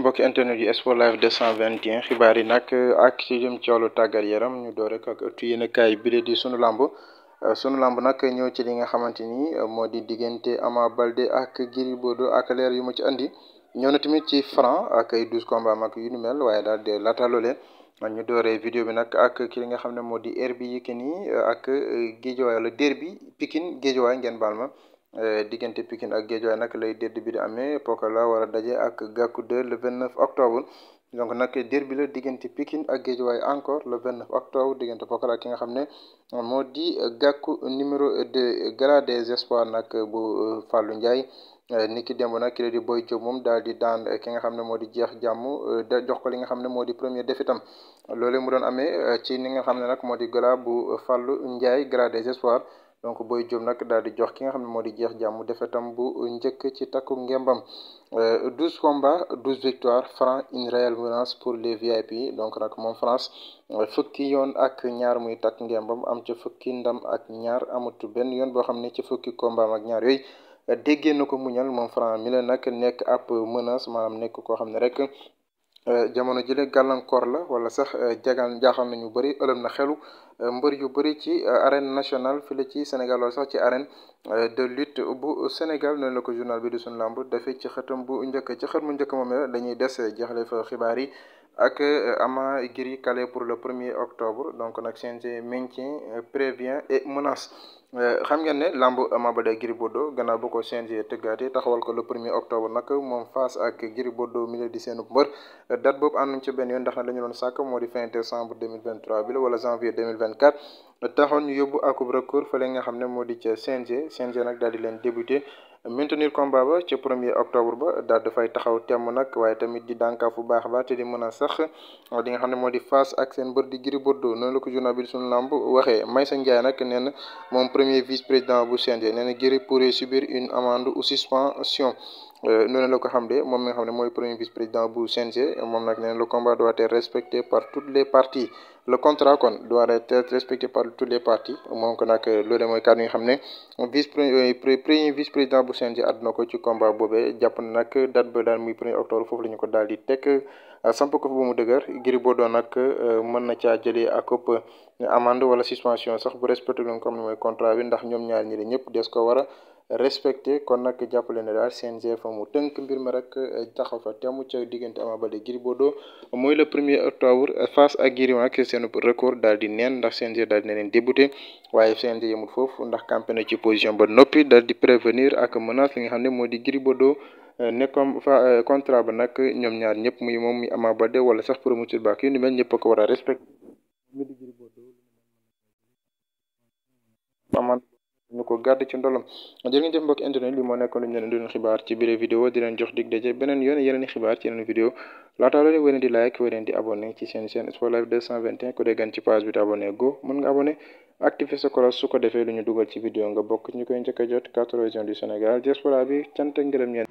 mbokki internet yi Sport Life 221 xibaar yi nag euh, ak ci jëm ci wàllu tàggat yaram ñu door rek ak ëttu yéen kaay bi di sunu làmb euh, sunu làmb nag ñëw ci li nga xamante ni euh, moo di diggante Ama Baldé ak Gris Bordeaux ak leer yu mu ci andi ñëw na tamit ci franc ak ay douze combats mak yu nu mel waaye daal de laata loolee ñu doore vidéo bi nag ak ki li nga xam ne moo di Herby Yékini ak Guédiawaye wala derby Pikine Guédiawaye ngeen baal ma. Eh, diggante Pikine ak Guédiawaye nag lay dédd bi di amee Pokola war daje ak Gàkku 2 le 29 octobre donc nag dér bi la diggante Pikine ak Guédiawaye encore le 29 octobre diggante Pokola ki nga xam ne moo di Gàkku numéro 2 gala des espoirs nag bu euh, fallu Ndiaye eh, ni ki démb nag ki la di Boy Diop moom daal di daan ki nga xam ne moo di jeex jàmm euh, da jox ko li nga xam ne moo di premier défitam loolu mu doon amee euh, ci ni nga xam ne nag moo di gala bu fallu Ndiaye gala des espoirs donc Boy Diop nag daal di jox ki nga xam ne moo di jeex jàmm defetam bu njëkk ci takku ngembam euh, douze combats douze victoires Franc une réelle menace pour les VIP donc rak moom France euh, fukki yoon ak ñaar muy takk ngembam am ca fukki ndam ak ñaar amut benn yoon boo xam ne ci fukki combat ak ñaar yooyu déggee na ko muñal moom Franc mi la nag nekk ab menace maanaam nekk koo xam ne rek. Euh, jamono jile gàllankoor la wala sax euh, jagal jaaxal nañu bëri ëlëm na xelu euh, mbër yu bëri ci arène nationale fii la ci Sénégal wala sax ci arène de lutte bu Sénégal noonu ko journal bi di sunu làmb dafay ci xëtam bu njëkk ci xët mu njëkk moom la dañuy des jeexale fa xibaar yi. ak euh, Ama Gris calé pour le premier octobre donc nag CNG maintient euh, prévient et menace euh, xam ngeen ne lamb Ama Baldé Gris Bordeaux gannaaw bu ko CNG tëggaatee taxawal ko le premier octobre nag moom face ak Gris Bordeaux mi la di seen mbër date boobu ci benn yoon ndax ne la ñu doon sàkk moo di fin décembre 2023 bi la wala janvier 2024 taxoon ñu yóbbu akub recours fële nga xam ne moo di ca CNG CNG nag daal di leen débuté maintenir combat ba ca premier octobre ba daal dafay taxaw temm nag waaye tamit di dànkaa fu baax baax te di mën a sax di nga xam ne moo di fas ak seen bër di Gris Bordeaux noonu la ko journal bi suñu lamb waxee Maysa Ndiaye nag nee na moom premier vice président bu CNG nee na Gris pourrait subir une amende ou suspension Euh, ne la ko xam de moom mi nga xam ne mooy premier vice président bu CNG moom nag nee na le combat doit être respecté par toutes les parties le contrat kon doit respecté par toutes les parties moom ko nag loolu mooy kàddu yi nga xam ne vice euh, premier vice président bu CNG àdduna ko ci combat boobee jàpp na nag ba daal muy premier octobre foofu la ñu ko daal di teg euh, samp ko bu mu dëgër Gris Bordeaux nag mën na caa jëlee akop amende wala suspension sax bu respecté lu nga xam ne bi ndax ñoom ñaar ñi la ñëpp des ko war respecté kon nag jàppale ne daal CNG fa mu tënk mbir ma rek eh, taxaw fa temm ca diggante Ama Baldé Gris Bordeaux mooy le premier octobre eh, face ak Gris ak seen record daal di neen ndax CNG daal dina leen débuté waaye CNG yemul foofu ndax campé na ci position ba noppi dal di prévenir ak menace li nga xam ne moo di Gris Bordeaux eh, nekkoon fa contrat ba nag ñoom ñaar ñëpp muy moom muy Ama Baldé wala sax promoteur ba ak yu ni mel ñëpp ko war a respecté. ñu ko gàdd ci ndolam jërë ngeen jëf mbokk internet li moo nekkoon luñu xibaar ci biir vidéo di jox dig daje beneen yoon yeneen xibaar ci yeneen vidéo laataa loolu wéy di like wéy di abonné ci seen chaîne Sport Life 221 ku dee gan ci page bi te go mën nga abonné activé sa kolos su lu ñu dugal ci vidéo nga bokk ñu koy njëkk jot 4 régions du Sénégal diaspora bi cant ngërëm ñeen